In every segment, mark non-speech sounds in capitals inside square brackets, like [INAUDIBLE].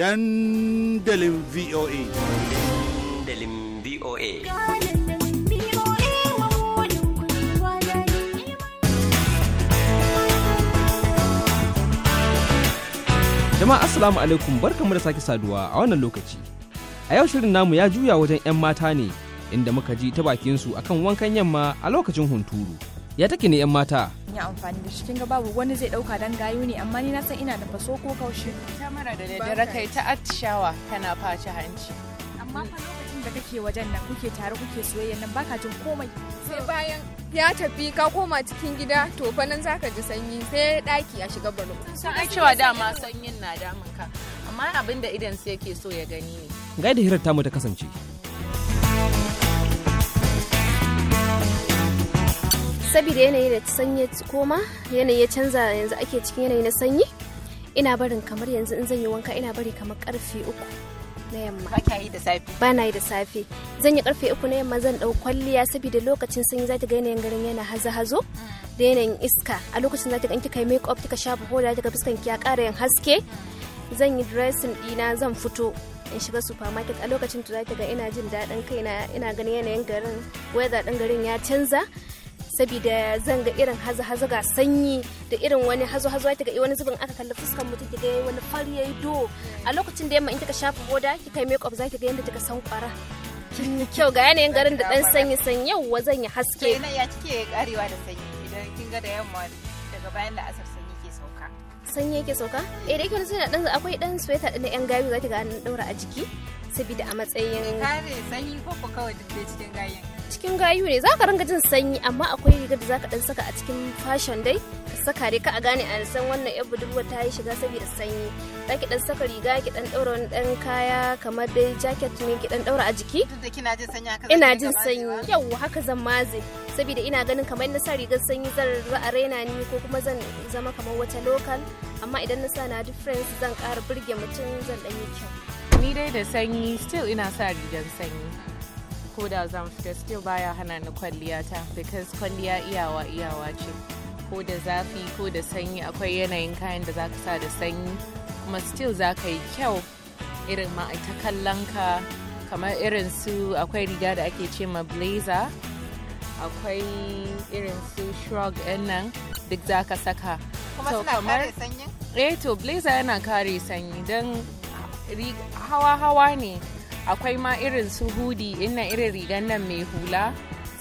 dandalin VOA. Dandalin VOA. Jama'a Assalamu alaikum barkamu da sake saduwa a wannan lokaci. A yau shirin namu ya juya wajen 'yan mata ne inda muka ji ta bakinsu akan wankan yamma a lokacin hunturu. Ya take ne 'yan mata? in yi amfani da shi kinga babu wani zai dauka dan gayu ne amma ni na san ina da faso ko kaushi mara da daddare kai ta atishawa kana faci hanci amma fa lokacin da kake wajen nan kuke tare kuke soyayya nan baka jin komai sai bayan ya tafi ka koma cikin gida to fa nan zaka ji sanyi sai daki a shiga balo ga cewa dama sanyin na damun ka amma abin da idan sai yake so ya gani ne ga da hirar tamu ta kasance saboda yanayi da sanyi koma yanayi ya canza yanzu ake cikin yanayi na sanyi ina barin kamar yanzu in zan yi wanka ina bari kamar karfe uku na yamma ba yi da na yi da safe zan yi karfe uku na yamma zan dau kwalliya saboda lokacin sanyi za ta ga yanayin garin yana hazo hazo da yanayin iska a lokacin ta ga in kika yi make up kika shafa hoda kika fuskan ki ya ƙara yin haske zan yi dressing dina zan fito in shiga supermarket a lokacin to ta ga ina jin daɗin kaina ina ganin yanayin garin weather din garin ya canza saboda zanga irin haza-haza ga sanyi da irin wani hazo-hazo ya taga wani zubin aka kalli fuskar mutum ki ga wani fari yi do a lokacin da yamma in kika shafa boda ki kai makeup zaki ga yanda kika san kwara kyau ga yanayin garin da dan sanyi sanyi yauwa zan yi haske kenan ya cike karewa da sanyi idan kin ga da yamma daga bayan da asar sanyi ke sauka sanyi yake sauka eh da yake wani sai dan akwai dan sweater din yan gayu zaki ga an daura a jiki saboda a matsayin kare sanyi ko ko kawai duk dai cikin gayu. cikin gayu ne za ka ringa jin sanyi amma akwai rigar da za ka dan saka a cikin fashion dai ka saka dai ka a gane a san wannan yar budurwa ta yi shiga saboda sanyi za ki dan saka riga ki dan daura wani dan kaya kamar dai jacket ne ki dan daura a jiki kina jin sanyi haka ina jin sanyi yau haka zan maze saboda ina ganin kamar na sa rigar sanyi zan za a raina ni ko kuma zan zama kamar wata local amma idan na sa na difference zan ƙara burge mutum zan dan yi kyau ni dai da sanyi still ina sa rigar sanyi ko da zan fita still baya hana ni kwalliya ta because kwalliya iyawa iyawa ce ko da zafi ko da sanyi akwai yanayin kayan da zaka sa da sanyi kuma still ka yi kyau irin ma ta kallon ka kamar irin su akwai riga da ake ce ma blazer akwai irin su shrug nan duk za ka saka kuma suna kare sanyi? eh to blazer yana kare sanyi don hawa-hawa ne akwai ma irin su hudi inna irin rigan nan mai hula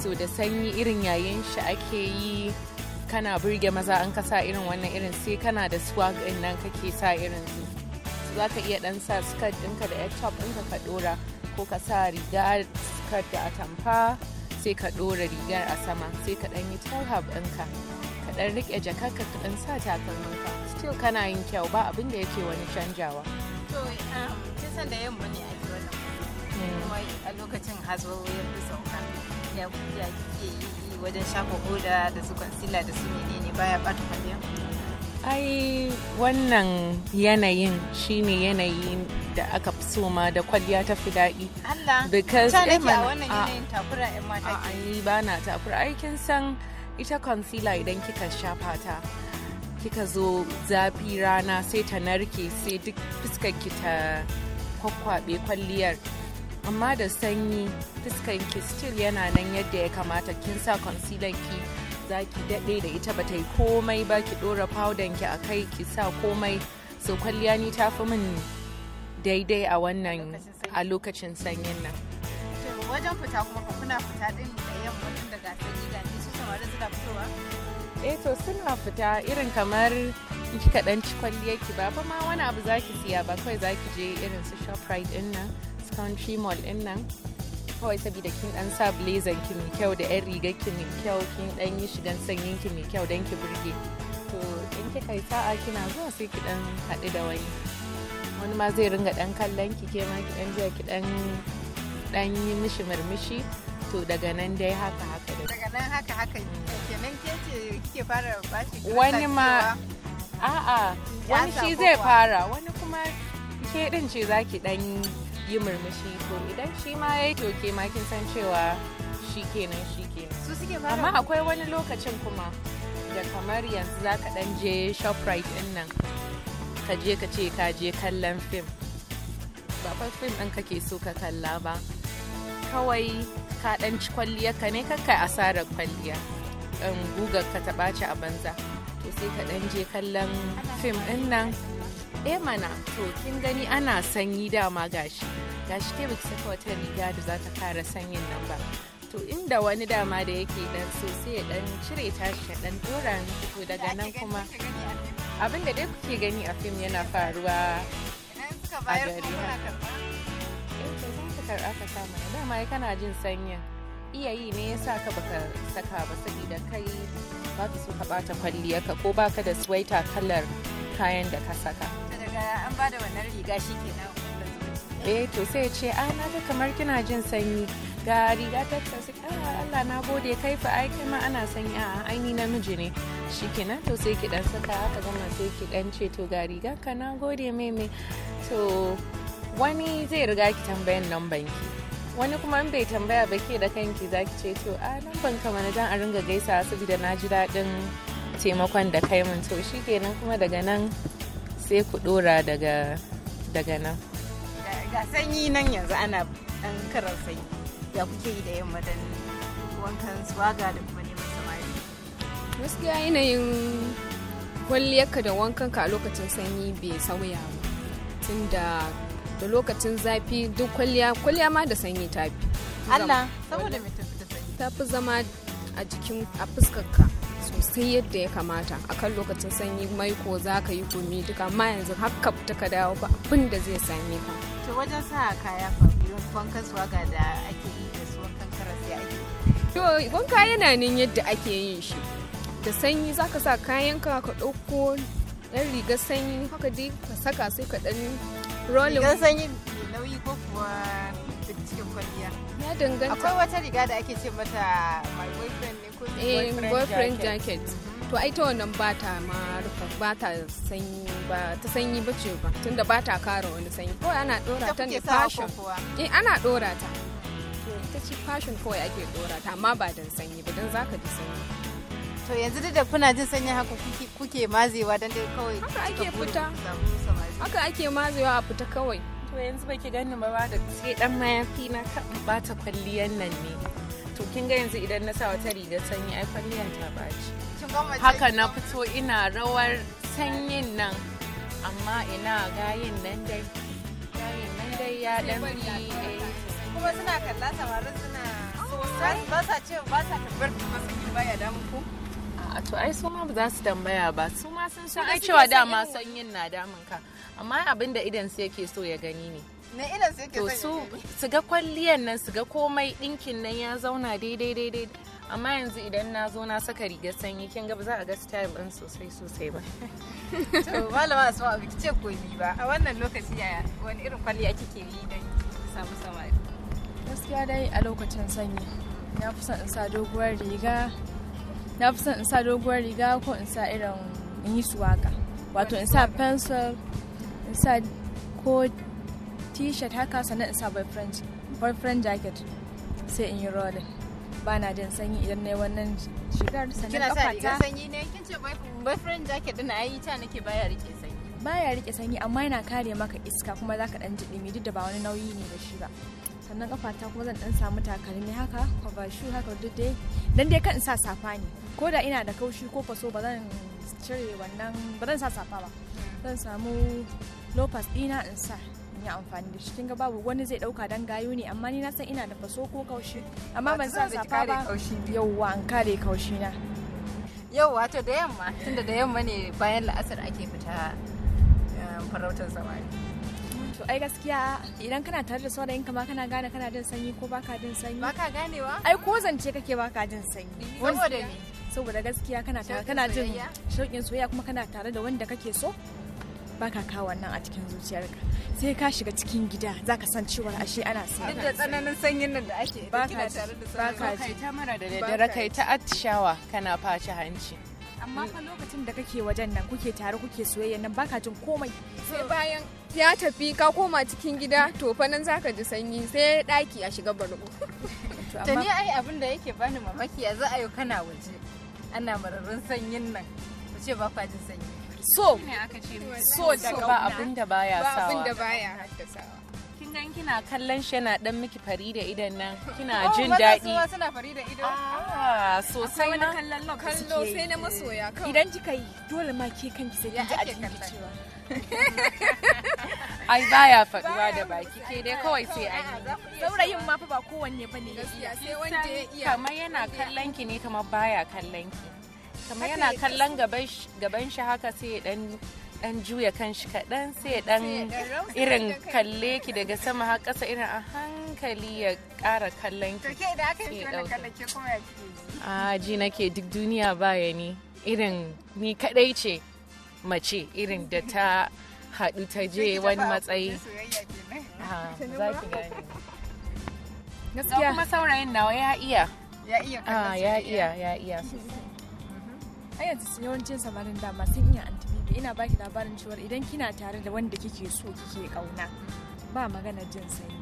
so da sanyi irin yayin shi ake yi kana burge maza an ka sa irin wannan irin sai kana da swag din nan kake sa irin su za ka iya dan sa skirt ɗinka da yar top ɗinka ka ɗora ko ka sa riga skirt da atamfa sai ka ɗora rigar a sama sai ka ɗan yi tarhab ɗinka ka ɗan riƙe jakarka ka dan sa takalminka still kana yin kyau ba abin da yake wani canjawa to um, kisan da yamma ne a wannan kuma hmm. a lokacin hazo ya fi sauka ya kuya kike yi wajen shafa hoda da su concealer da su menene baya bata kwaliya ai wannan yanayin shine yanayin da aka fi so ma da kwalliya ta fi daɗi. Allah, because ta nake a wannan yanayin takura ‘yan mata ke. Ai, ba na takura. Ai, kin san ita concealer idan kika shafa ta. kika zo zafi rana sai ta narke sai duk fuskarki ta kwakwabe kwalliyar amma da sanyi fuskarki still yana nan yadda ya kamata kin sa concealer ki zaki daɗe da ita ba ta yi komai ba ki ɗora powder ki a kai ki sa komai so kwalliya ni ta fi min daidai a wannan a lokacin sanyin nan wajen fita kuma kuna fita din da yamma daga sanyi ga su samari suna fitowa eh to suna fita irin kamar kika dan ci kwalli yake ba fa ma wani abu zaki siya ba kawai zaki je irin su shoprite din nan su country mall din nan kawai saboda kin ɗan sa blazer ki mai kyau da yan riga ki mai kyau kin dan yi shigan sanyin ki mai kyau dan ki burge to in kika yi sa'a kina zuwa sai ki dan haɗu da wani wani ma zai ringa ɗan kallon ki ke ma ki dan jiya ki dan dan yi mishi murmushi to daga nan dai haka haka daga nan haka haka kenan ke ce kike fara bashi wani ma a'a wani shi zai fara wani kuma ke din ce zaki dan yi murmushi to idan shi ma yayi to ke ma kin san cewa shi kenan shi kenan su suke fara amma akwai wani lokacin kuma da kamar yanzu zaka dan je shoprite din nan ka je ka ce ka je kallon fim ba fim ɗin kake so ka kalla ba kawai ka dan ci kwalliya ka ne kakka asarar kwalliya Ɗan gugar ka ta ɓace a banza to sai ka dan je kallon fim din nan eh mana to kin gani ana sanyi dama gashi gashi ke baki saka wata riga da za ta kara sanyin nan ba to inda wani dama da yake dan so sai ya dan cire tashi ya dan dora to daga nan kuma abin da dai kuke gani a fim yana faruwa a gari fankar aka sa ne dama kana jin sanyin iya yi ne sa ka baka saka ba saboda kai ba ka so ka bata kwalliya ka ko ka da swaita kalar kayan da ka saka daga an wannan riga eh to sai ce a na ga kamar kina jin sanyi ga riga ta su a ah, Allah na gode kai fa ai kai ma ana sanyi a aini namiji ne shikenan to sai ki dan saka aka gama sai ki dan ce to ga riga ka na gode mai to wani zai riga ki tambayan nan banki wani kuma in bai tambaya ba ke da kanki za ki ce to a ah, nan ban kama na jan a ringa gaisa saboda na ji daɗin taimakon da kai mun to shi kenan kuma daga nan sai ku ɗora daga daga nan ga sanyi nan yanzu ana ɗan karar sanyi ya kuke yi da yamma dan wankan swaga da kuma neman samari gaskiya yanayin kwalliyarka da wankanka a lokacin sanyi bai sauya ba tunda da lokacin zafi duk kwalliya kwalliya ma da sanyi ta fi Allah saboda me tafi da sanyi ta fi zama a jikin a fuskarka sosai yadda ya kamata akan lokacin sanyi maiko za ka yi gumi duka amma yanzu haka ta ka dawo ba abin da zai same ka to wajen sa kaya fa wankan swaga da ake yi da su wankan karas ya ake to wanka yana nan yadda ake yin shi da sanyi za ka sa kayanka ka ɗauko ɗan rigar sanyi haka dai ka saka sai ka ɗan rolling don sanyi mai nauyi ko kuwa cikin kwalliya ya danganta akwai wata riga da ake ce mata my boyfriend ne ko eh, boyfriend, boyfriend jacket to ai ta wannan ba ta ma rufa ba ta sanyi ba ta sanyi ba ce ba tunda ba ta kara wani sanyi kawai ana dora ta ne fashion eh ana dora ta to ita ce fashion kawai ake dora ta amma ba dan sanyi ba dan zaka ji sanyi to yanzu da kuna jin sanyi haka kuke kuke mazewa dan dai kawai haka ake fita haka ake mazewa a fita kawai to yanzu ki gani ba ba da sai dan mayafi na kan bata kwalliyan nan ne to kin ga yanzu idan na sa wata riga sanyi ai kwalliyan ta baci haka na fito ina rawar sanyin nan amma ina gayin nan dai gayin nan dai ya dan eh. kuma suna kalla samarin suna oh, ba sa ce ba sa tabbar kuma sun yi baya damu ku a to ai su ma ba za su tambaya ba su ma sun san ai cewa dama son yin na damun ka amma abin da idan su yake so ya gani ne me idan su yake so su ga kwalliyan nan su ga komai dinkin nan ya zauna daidai daidai amma yanzu idan na zo na saka rigar sanyi kin ga ba za a ga style din sosai sosai ba [LAUGHS] to malama su ba ki ce ko ba a wannan lokaci ya wani irin kwalliya kike yi dan samu samari gaskiya dai a lokacin sanyi na fi son in sa doguwar riga na fi son in sa doguwar riga ko in sa irin in yi suwaka wato in sa pencil in sa ko t-shirt haka sannan in sa boyfriend boyfriend jacket sai in yi rolling ba na jin sanyi idan na yi wannan shigar sannan kafata kina sa riga sanyi ne kin ce boyfriend jacket din ayi ta nake baya rike sanyi baya rike sanyi amma yana kare maka iska kuma ka dan ji dumi duk da ba wani nauyi ne da shi ba sannan kafata kuma zan dan samu takalmi haka kwaba shu haka duk dai dan dai kan sa safa ne ko da ina da kaushi ko faso ba zan cire wannan ba zan sa safa ba zan samu lopas dina in sa in yi amfani da shi kinga babu wani zai dauka dan gayu ne amma ni na san ina da faso ko kaushi amma ban sa safa ba yauwa an kare kaushi na yau wato da yamma tunda da yamma ne bayan la'asar ake fita Eh, farautar zamani. to ai gaskiya idan kana tare da saurayin ka ma kana gane kana jin sanyi ko baka jin sanyi baka ganewa ai ko zance kake baka jin sanyi eh, saboda ne. saboda gaskiya kana tare kana jin shauƙin soyayya kuma kana tare da wanda kake so baka kawo wannan a cikin zuciyarka sai ka shiga cikin gida zaka san cewa ashe ana sa. duk da tsananin sanyin nan da ake baka tare da sanyi baka ji ta mara kana faci hanci amma fa lokacin da kake wajen nan kuke tare kuke soyayya nan baka jin komai sai bayan ya tafi ka koma cikin gida to fa nan zaka ji sanyi sai daki a shiga bargo [LAUGHS] to ni ai abin da yake bani mamaki yanzu ayo kana waje ana mararin sanyin nan ba ce ba fa jin sanyi so so daga ba abin da baya sawa ba abin da baya haddasawa nan kina kallon shi yana dan miki fari da idan nan kina oh, jin daɗi. Oh, suna fari da ido. Ah, sosai na kallon kallo sai na masoya kawai. Idan kika yi dole ma ke kanki sai kika ji a cikin cewa. [LAUGHS] Ai baya faduwa da baki ke dai kawai sai an yi. Saurayin ma fa ba kowanne bane ya iya sai wanda ya iya. Kamar yana kallon ki ne kamar baya kallon ki. kamar yana kallon gaban shi haka sai dan dan juya kan shi kaɗan sai dan irin kalle ki daga sama har ƙasa irin a hankali ya ƙara kallon ki. To ke da aka yi kallon kallon ke kuma ya A ji nake duk duniya baya ni irin ni kaɗai ce mace irin da ta haɗu ta je wani matsayi. [LAUGHS] Za ki gani. Gaskiya. kuma saurayin nawa ya iya. Ya iya. Ya iya ya iya. a yanzu yawancin samarin dama sun iya antibibi ina baki labarin cewa idan kina tare da wanda kike so kike kauna ba magana jin sanyi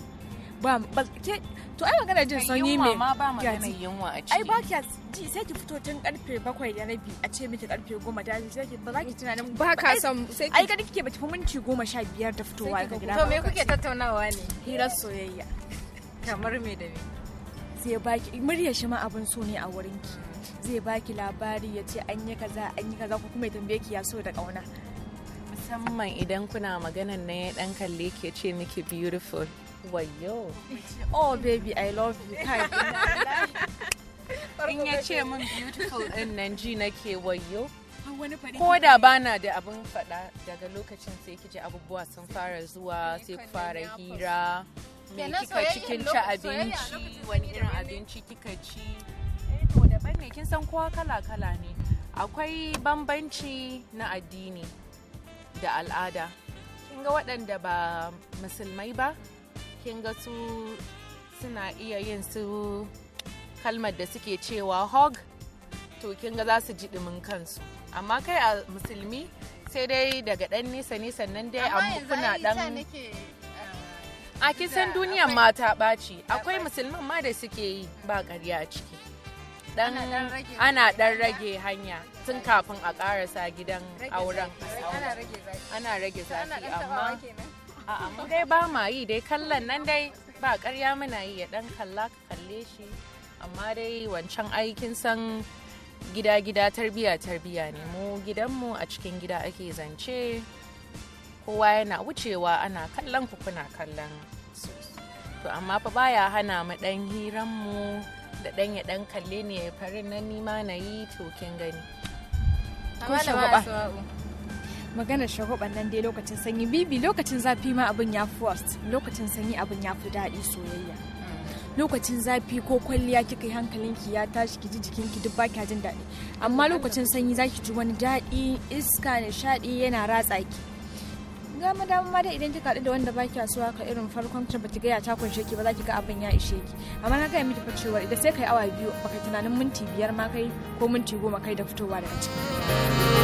ba ke to ai magana jin sanyi me ma ba magana yunwa a ciki ai ba ki ji sai ki fito tun karfe 7 da rabi a ce miki karfe 10 da rabi sai ki ba za ki tunanin ba ka san sai ai kada kike ba tafi minti 15 da fitowa ga gida to me kuke tattaunawa ne hirar soyayya kamar me da me sai baki muryar shi ma abin so ne a wurin ki zai baki labari ya ce an yi kaza an yi kaza ko kuma ya tambaye ki ya so da kauna musamman idan kuna maganan na ya dan kalle ke ce miki beautiful wayo [LAUGHS] oh baby i love you kai in ya ce min beautiful din nan ji nake wayo ko da bana da abun fada daga lokacin sai kije abubuwa sun fara zuwa sai ku fara hira me kika cikin ci abinci wani irin abinci kika ci ne kin san kowa kala-kala ne akwai bambanci na addini da al'ada kin ga waɗanda ba musulmai ba kin ga su suna iya yin su kalmar da suke cewa hog to kin ga za su ji ɗumin kansu amma kai a musulmi sai dai daga ɗan nesa ne nan dai a kuna ɗan eh, a kin san mata ɓaci akwai musulman ma da suke yi ba ƙarya ciki ana dan rage hanya tun kafin a karasa gidan auren ana rage zafi amma mu dai ba ma yi dai kallon nan dai ba karya muna yi ya dan kalla ka kalle shi amma dai wancan aikin san gida-gida tarbiya-tarbiya ne mu gidanmu a cikin gida ake zance kowa yana wucewa ana kallon ku kuna kallon su to amma fa baya hana mu dan mu. da dan ya dan kalle ni ya farin nan ni ma na yi tokin gani ko magana nan dai lokacin sanyi bibi lokacin zafi ma abin ya fi worst lokacin sanyi abin ya fi daɗi soyayya hmm. lokacin zafi ko kwalliya kika yi hankalinki ya tashi ki ji jikinki duk baki jin daɗi amma lokacin sanyi zaki ji wani daɗi iska nishaɗi yana ratsa ki dama dama ma dai idan kika haɗu da wanda ba kya ka irin farkon can ba ki gaya ta kunshe ki ba za ki ga abin ya ishe ki amma na gaya miki facewa cewa idan sai kai awa biyu baka tunanin minti biyar ma kai ko minti goma kai da fitowa daga ciki.